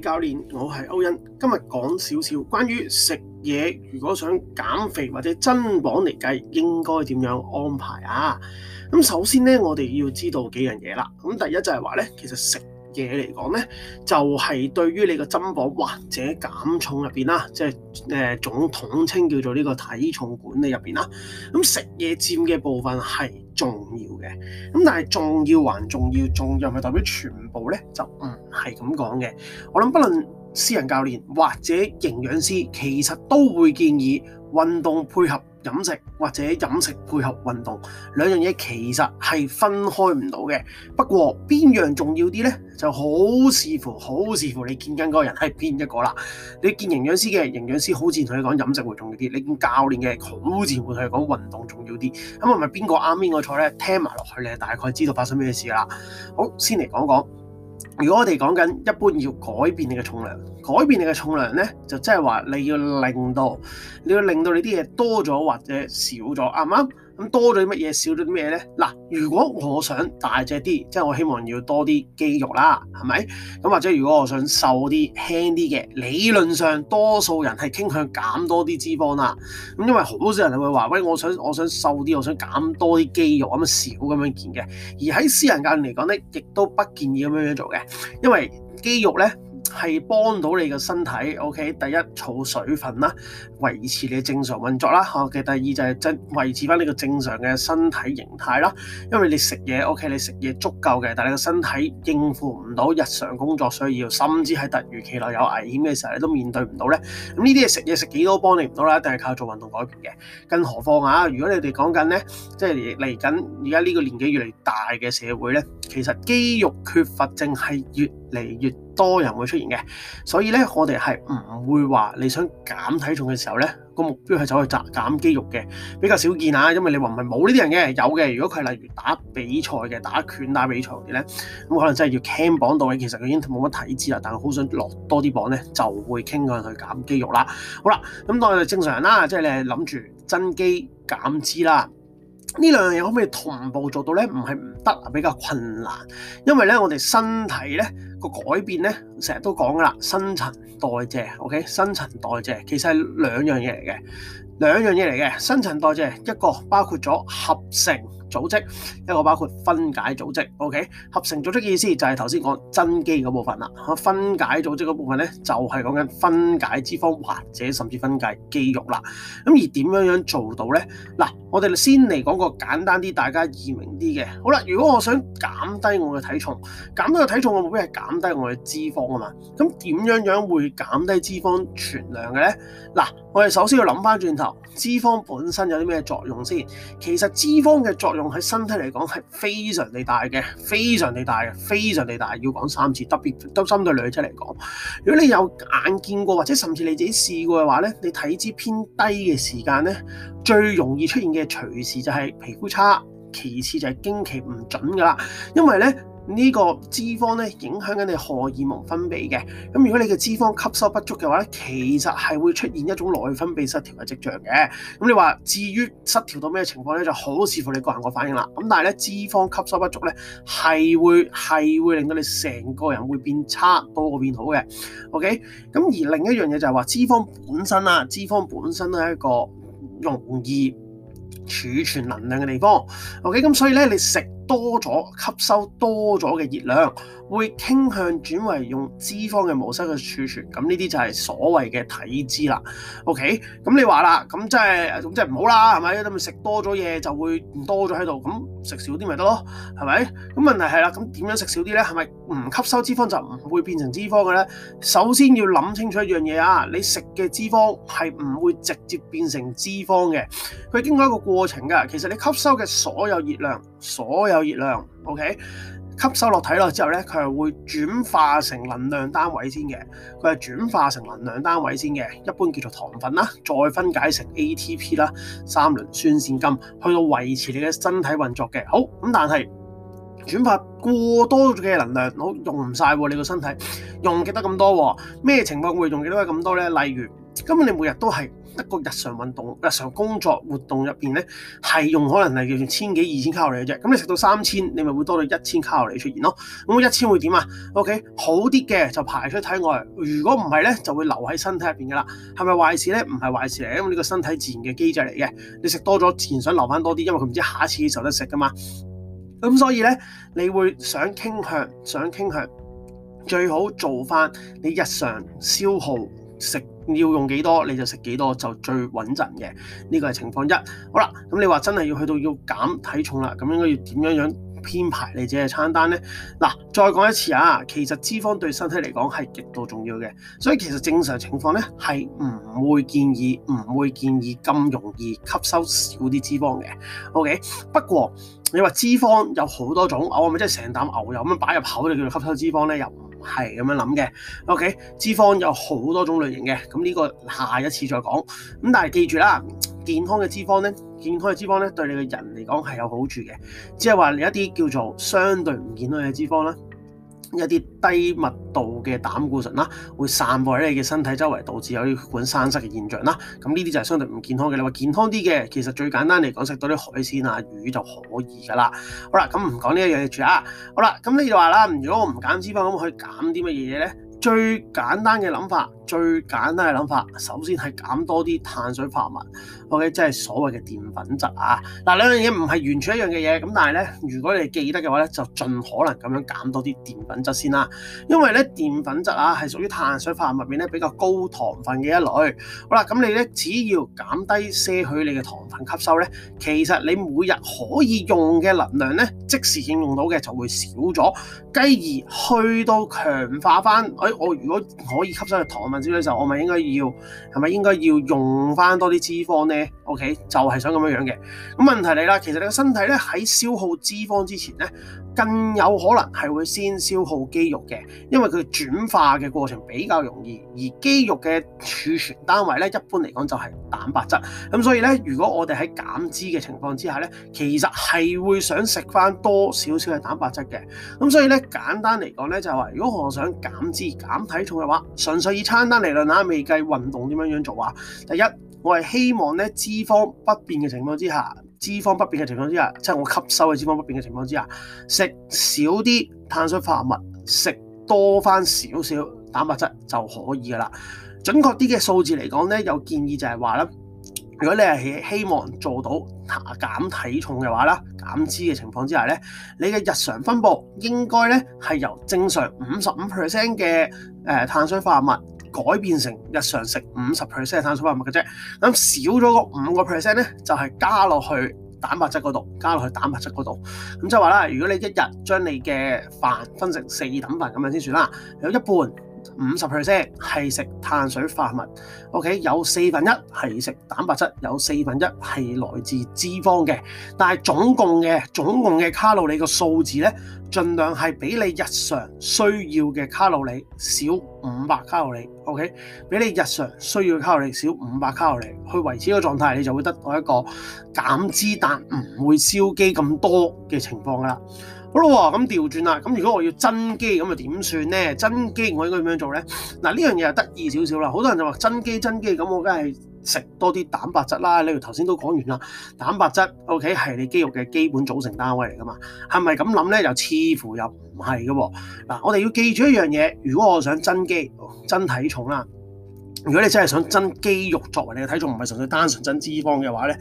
教練，我係歐恩。今日講少少關於食嘢，如果想減肥或者增磅嚟計，應該點樣安排啊？咁首先呢，我哋要知道幾樣嘢啦。咁第一就係話呢，其實食嘢嚟講呢，就係、是、對於你個增磅或者減重入邊啦，即係誒總統稱叫做呢個體重管理入邊啦。咁食嘢佔嘅部分係重要嘅，咁但係重要還重要，重要唔係代表全部呢，就唔係咁講嘅。我諗，不論私人教練或者營養師，其實都會建議運動配合。飲食或者飲食配合運動，兩樣嘢其實係分開唔到嘅。不過邊樣重要啲呢？就好視乎好視乎你見緊嗰個人係邊一個啦。你見營養師嘅，營養師好自然同你講飲食會重要啲，你見教練嘅好自然會同你講運動重要啲。咁係咪邊個啱邊個錯呢？聽埋落去你大概知道發生咩事啦。好，先嚟講講。如果我哋講緊，一般要改變你嘅重量，改變你嘅重量呢，就即係話你要令到，你要令到你啲嘢多咗或者少咗，啱唔啱？多咗啲乜嘢，少咗啲咩嘢咧？嗱，如果我想大隻啲，即係我希望要多啲肌肉啦，係咪？咁或者如果我想瘦啲、輕啲嘅，理論上多數人係傾向減多啲脂肪啦。咁因為好少人會話喂，我想我想瘦啲，我想減多啲肌肉咁少咁樣見嘅。而喺私人教練嚟講咧，亦都不建議咁樣樣做嘅，因為肌肉咧。係幫到你個身體，OK？第一儲水分啦，維持你正常運作啦，嚇嘅第二就係真維持翻你個正常嘅身體形態啦。因為你食嘢，OK？你食嘢足夠嘅，但你個身體應付唔到日常工作需要，甚至係突如其來有危險嘅時候，你都面對唔到咧。咁呢啲嘢食嘢食幾多幫你唔到啦，一定係靠做運動改變嘅。更何況啊，如果你哋講緊咧，即係嚟緊而家呢個年紀越嚟越大嘅社會咧。其實肌肉缺乏症係越嚟越多人會出現嘅，所以咧我哋係唔會話你想減體重嘅時候咧個目標係走去減肌肉嘅，比較少見啊，因為你話唔係冇呢啲人嘅，有嘅。如果佢係例如打比賽嘅、打拳打比賽嘅啲咧，咁可能真係要 cut 磅到嘅。其實佢已經冇乜體脂啦，但係好想落多啲磅咧，就會傾向去減肌肉啦。好啦，咁當然正常人啦，即係你諗住增肌減脂啦。呢兩樣嘢可唔可以同步做到呢？唔係唔得啊，比較困難，因為呢，我哋身體呢個改變呢，成日都講㗎喇，新陳代謝，OK？新陳代謝其實係兩樣嘢嚟嘅，兩樣嘢嚟嘅，新陳代謝一個包括咗合成。組織一個包括分解組織，OK？合成組織嘅意思就係頭先講增肌嗰部分啦。嚇，分解組織嗰部分呢，就係講緊分解脂肪或者甚至分解肌肉啦。咁而點樣樣做到呢？嗱，我哋先嚟講個簡單啲、大家易明啲嘅。好啦，如果我想減低我嘅體重，減低我體重嘅目標係減低我嘅脂肪啊嘛。咁點樣樣會減低脂肪存量嘅呢？嗱，我哋首先要諗翻轉頭，脂肪本身有啲咩作用先？其實脂肪嘅作用。喺身體嚟講係非常地大嘅，非常地大嘅，非常地大嘅。要講三次，特別都針對女仔嚟講。如果你有眼見過或者甚至你自己試過嘅話呢，你體脂偏低嘅時間呢，最容易出現嘅隨時就係皮膚差，其次就係經期唔準噶啦，因為呢。呢個脂肪咧影響緊你荷爾蒙分泌嘅，咁如果你嘅脂肪吸收不足嘅話咧，其實係會出現一種內分泌失調嘅跡象嘅。咁你話至於失調到咩情況咧，就好視乎你個人個反應啦。咁但係咧脂肪吸收不足咧係會係會令到你成個人會變差多過變好嘅。OK，咁而另一樣嘢就係話脂肪本身啦，脂肪本身係一個容易儲存能量嘅地方。OK，咁所以咧你食。多咗吸收多咗嘅熱量，會傾向轉為用脂肪嘅模式去儲存，咁呢啲就係所謂嘅體脂啦。OK，咁你話啦，咁即係，咁即係唔好啦，係咪？咁咪食多咗嘢就會多咗喺度，咁食少啲咪得咯，係咪？咁問題係啦，咁點樣食少啲呢？係咪唔吸收脂肪就唔會變成脂肪嘅呢？首先要諗清楚一樣嘢啊，你食嘅脂肪係唔會直接變成脂肪嘅，佢經過一個過程㗎。其實你吸收嘅所有熱量，所有熱量，OK。吸收落體內之後呢，佢係會轉化成能量單位先嘅，佢係轉化成能量單位先嘅，一般叫做糖分啦，再分解成 ATP 啦，三磷酸腺苷去到維持你嘅身體運作嘅。好，咁，但係轉化過多嘅能量，好用唔晒喎，你個身體用唔得咁多。咩情況會用唔得咁多呢？例如，今日你每日都係。得個日常運動、日常工作活動入邊咧，係用可能係叫做千幾二千卡路里嘅啫。咁你食到三千，你咪會多到一千卡路里出現咯。咁一千會點啊？OK，好啲嘅就排出體外，如果唔係咧，就會留喺身體入邊噶啦。係咪壞事咧？唔係壞事嚟，因為呢個身體自然嘅機制嚟嘅。你食多咗自然想留翻多啲，因為佢唔知下一次幾時得食噶嘛。咁所以咧，你會想傾向，想傾向最好做翻你日常消耗。食要用幾多你就食幾多就最穩陣嘅，呢個係情況一。好啦，咁你話真係要去到要減體重啦，咁應該要點樣樣編排你自己嘅餐單呢？嗱，再講一次啊，其實脂肪對身體嚟講係極度重要嘅，所以其實正常情況呢係唔會建議，唔會建議咁容易吸收少啲脂肪嘅。OK，不過你話脂肪有好多種，我係咪即係成啖牛油咁樣擺入口就叫做吸收脂肪呢？又？係咁樣諗嘅，OK？脂肪有好多種類型嘅，咁呢個下一次再講。咁但係記住啦，健康嘅脂肪咧，健康嘅脂肪咧，對你個人嚟講係有好處嘅，即係話有一啲叫做相對唔健康嘅脂肪啦。一啲低密度嘅膽固醇啦，會散布喺你嘅身體周圍，導致有血管生塞嘅現象啦。咁呢啲就係相對唔健康嘅。你話健康啲嘅，其實最簡單嚟講，食到啲海鮮啊、魚就可以㗎啦。好啦，咁唔講呢一樣嘢住啊。好啦，咁你就話啦，「如果我唔減脂肪，可以減啲乜嘢嘢呢？」最簡單嘅諗法，最簡單嘅諗法，首先係減多啲碳水化合物，OK，即係所謂嘅澱粉質啊。嗱，兩樣嘢唔係完全一樣嘅嘢，咁但係呢，如果你記得嘅話呢，就盡可能咁樣減多啲澱粉質先啦。因為呢，澱粉質啊，係屬於碳水化合物入面呢比較高糖分嘅一類。好啦，咁你呢，只要減低些許你嘅糖分吸收呢，其實你每日可以用嘅能量呢，即時應用到嘅就會少咗，繼而去到強化翻我如果可以吸收嘅糖分少啲嘅時候，就我咪應該要係咪應該要用翻多啲脂肪呢？OK，就係想咁樣樣嘅。咁問題嚟啦，其實你個身體咧，喺消耗脂肪之前咧，更有可能係會先消耗肌肉嘅，因為佢轉化嘅過程比較容易，而肌肉嘅儲存單位咧一般嚟講就係蛋白質。咁所以咧，如果我哋喺減脂嘅情況之下咧，其實係會想食翻多少少嘅蛋白質嘅。咁所以咧，簡單嚟講咧就係話，如果我想減脂。減體重嘅話，純粹以餐單嚟論啊，未計運動點樣樣做啊。第一，我係希望咧脂肪不變嘅情況之下，脂肪不變嘅情況之下，即係我吸收嘅脂肪不變嘅情況之下，食少啲碳水化合物，食多翻少少蛋白質就可以噶啦。準確啲嘅數字嚟講咧，有建議就係話咧。如果你係希望做到減體重嘅話啦，減脂嘅情況之下咧，你嘅日常分佈應該咧係由正常五十五 percent 嘅誒碳水化合物改變成日常食五十 percent 碳水化合物嘅啫。咁少咗個五個 percent 咧，就係加落去蛋白質嗰度，加落去蛋白質嗰度。咁即係話啦，如果你一日將你嘅飯分成四等份咁樣先算啦，有一半。五十 percent 係食碳水化合物，OK，有四分一係食蛋白質，有四分一係來自脂肪嘅。但係總共嘅總共嘅卡路里個數字呢，盡量係比你日常需要嘅卡路里少五百卡路里，OK，比你日常需要嘅卡路里少五百卡路里，去維持一個狀態，你就會得到一個減脂但唔會燒肌咁多嘅情況噶啦。好咯，咁調轉啦。咁如果我要增肌，咁又點算咧？增肌我應該點樣做咧？嗱，呢樣嘢又得意少少啦。好多人就話增肌增肌，咁我梗係食多啲蛋白質啦。呢度頭先都講完啦，蛋白質 OK 係你肌肉嘅基本組成單位嚟噶嘛？係咪咁諗咧？又似乎又唔係嘅喎。嗱，我哋要記住一樣嘢，如果我想增肌、增體重啦，如果你真係想增肌肉作為你嘅體重，唔係純粹單純增脂肪嘅話咧。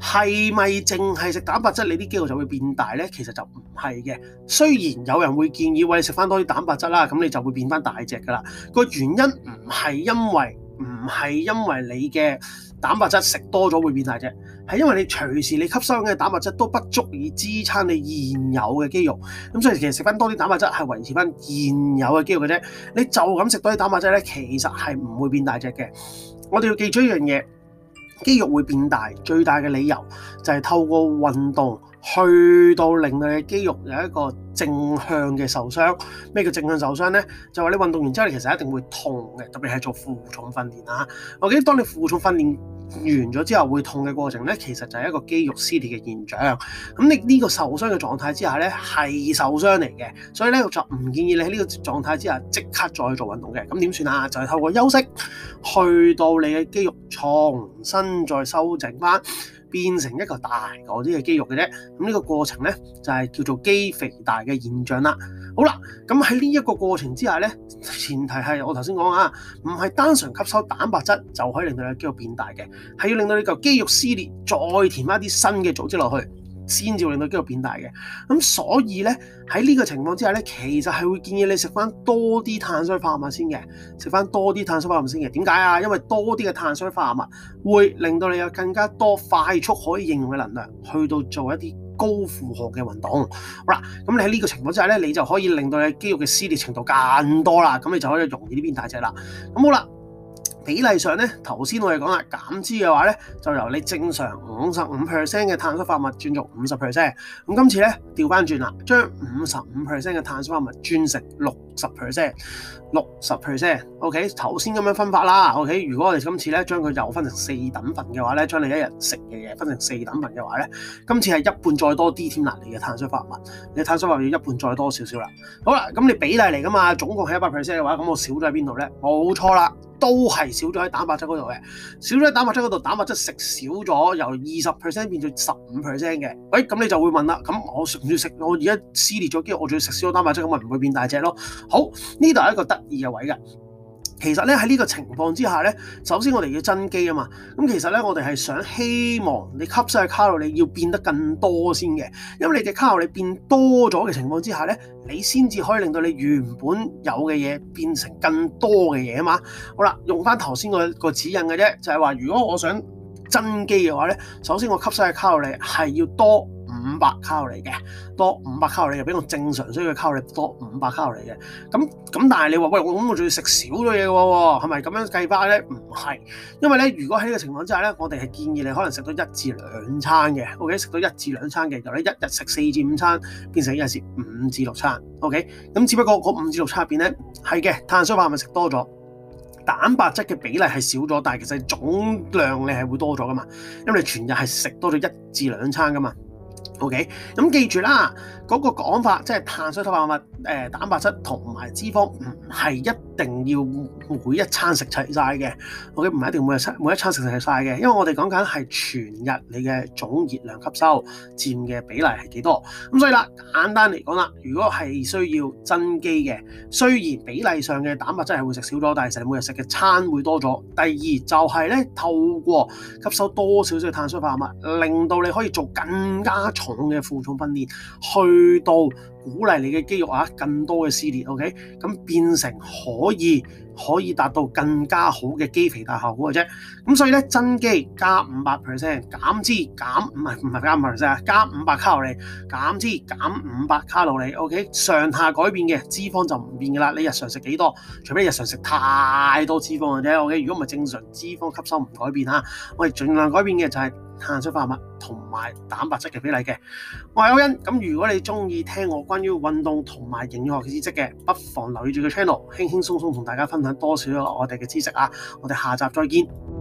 係咪淨係食蛋白質，你啲肌肉就會變大呢？其實就唔係嘅。雖然有人會建議喂你食翻多啲蛋白質啦，咁你就會變翻大隻噶啦。個原因唔係因為唔係因為你嘅蛋白質食多咗會變大隻，係因為你隨時你吸收嘅蛋白質都不足以支撐你現有嘅肌肉。咁所以其實食翻多啲蛋白質係維持翻現有嘅肌肉嘅啫。你就咁食多啲蛋白質呢，其實係唔會變大隻嘅。我哋要記住一樣嘢。肌肉會變大，最大嘅理由就係透過運動去到令你嘅肌肉有一個正向嘅受傷。咩叫正向受傷呢？就話你運動完之後，你其實一定會痛嘅，特別係做負重訓練啦。我記得當你負重訓練完咗之後會痛嘅過程呢，其實就係一個肌肉撕裂嘅現象。咁你呢個受傷嘅狀態之下呢，係受傷嚟嘅。所以呢，我就唔建議你喺呢個狀態之下即刻再做運動嘅。咁點算啊？就係、是、透過休息，去到你嘅肌肉重新再修整翻，變成一個大個啲嘅肌肉嘅啫。咁呢個過程呢，就係、是、叫做肌肥大嘅現象啦。好啦，咁喺呢一個過程之下呢，前提係我頭先講啊，唔係單純吸收蛋白質就可以令到你肌肉變大嘅，係要令到你個肌肉撕裂，再填翻啲新嘅組織落去，先至令到肌肉變大嘅。咁所以呢，喺呢個情況之下呢，其實係會建議你食翻多啲碳水化合物先嘅，食翻多啲碳水化合物先嘅。點解啊？因為多啲嘅碳水化合物會令到你有更加多快速可以應用嘅能量去到做一啲。高負荷嘅運動好，好啦，咁你喺呢個情況之下咧，你就可以令到你肌肉嘅撕裂程度更多啦，咁你就可以容易啲變大隻啦，咁好啦。比例上咧，頭先我哋講啦，減脂嘅話咧，就由你正常五十五 percent 嘅碳水化合物轉做五十 percent。咁今次咧，調翻轉啦，將五十五 percent 嘅碳水化合物轉成六十 percent，六十 percent。O K，頭先咁樣分法啦。O K，如果我哋今次咧將佢又分成四等份嘅話咧，將你一日食嘅嘢分成四等份嘅話咧，今次係一半再多啲添啦，你嘅碳水化合物，你碳水化合物要一半再多少少啦。好啦，咁你比例嚟噶嘛，總共係一百 percent 嘅話，咁我少咗喺邊度咧？冇錯啦。都係少咗喺蛋白質嗰度嘅，少咗喺蛋白質嗰度，蛋白質食少咗，由二十 percent 變到十五 percent 嘅。喂，咁、哎、你就會問啦，咁我食，唔食？」我而家撕裂咗肌，跟住我仲要食少啲蛋白質，咁咪唔會變大隻咯。好，呢度係一個得意嘅位嘅。其實咧，喺呢個情況之下呢，首先我哋要增肌啊嘛。咁其實呢，我哋係想希望你吸收嘅卡路里要變得更多先嘅。因為你嘅卡路里變多咗嘅情況之下呢，你先至可以令到你原本有嘅嘢變成更多嘅嘢啊嘛。好啦，用翻頭先個指引嘅啫，就係話如果我想增肌嘅話呢，首先我吸收嘅卡路里係要多。五百卡路里嘅，多五百卡路里嘅，比我正常需要嘅卡路里，多五百卡路里嘅咁咁。但係你話喂，我咁我仲要食少咗嘢喎，係咪咁樣計法咧？唔係，因為咧，如果喺呢個情況之下咧，我哋係建議你可能食到一至兩餐嘅，OK，食到一至兩餐嘅，由你一日食四至五餐變成一日食五至六餐，OK，咁只不過嗰五至六餐入邊咧係嘅碳水化合物食多咗，蛋白質嘅比例係少咗，但係其實總量你係會多咗噶嘛，因為你全日係食多咗一至兩餐噶嘛。O.K.，咁記住啦，嗰、那個講法即係碳水，水化合物、誒、呃、蛋白質同埋脂肪，唔係一定要每一餐食齊晒嘅。O.K. 唔係一定每日每一餐食齊晒嘅，因為我哋講緊係全日你嘅總熱量吸收佔嘅比例係幾多。咁所以啦，簡單嚟講啦，如果係需要增肌嘅，雖然比例上嘅蛋白質係會食少咗，但係成日每日食嘅餐會多咗。第二就係咧，透過吸收多少少碳水化合物，令到你可以做更加重。嘅負重訓練，去到鼓勵你嘅肌肉啊，更多嘅撕裂，OK，咁變成可以可以達到更加好嘅肌肥大效果嘅啫。咁所以咧，增肌加五百 percent，減脂減唔係唔係加五 percent 啊，加五百卡路里，減脂減五百卡路里，OK，上下改變嘅脂肪就唔變噶啦。你日常食幾多？除非日常食太多脂肪嘅啫。OK，如果唔係正常脂肪吸收唔改變吓，我哋盡量改變嘅就係、是。碳水化合物同埋蛋白質嘅比例嘅，我係歐恩。咁如果你中意聽我關於運動同埋營養學嘅知識嘅，不妨留意住個 channel，輕輕鬆鬆同大家分享多少我哋嘅知識啊！我哋下集再見。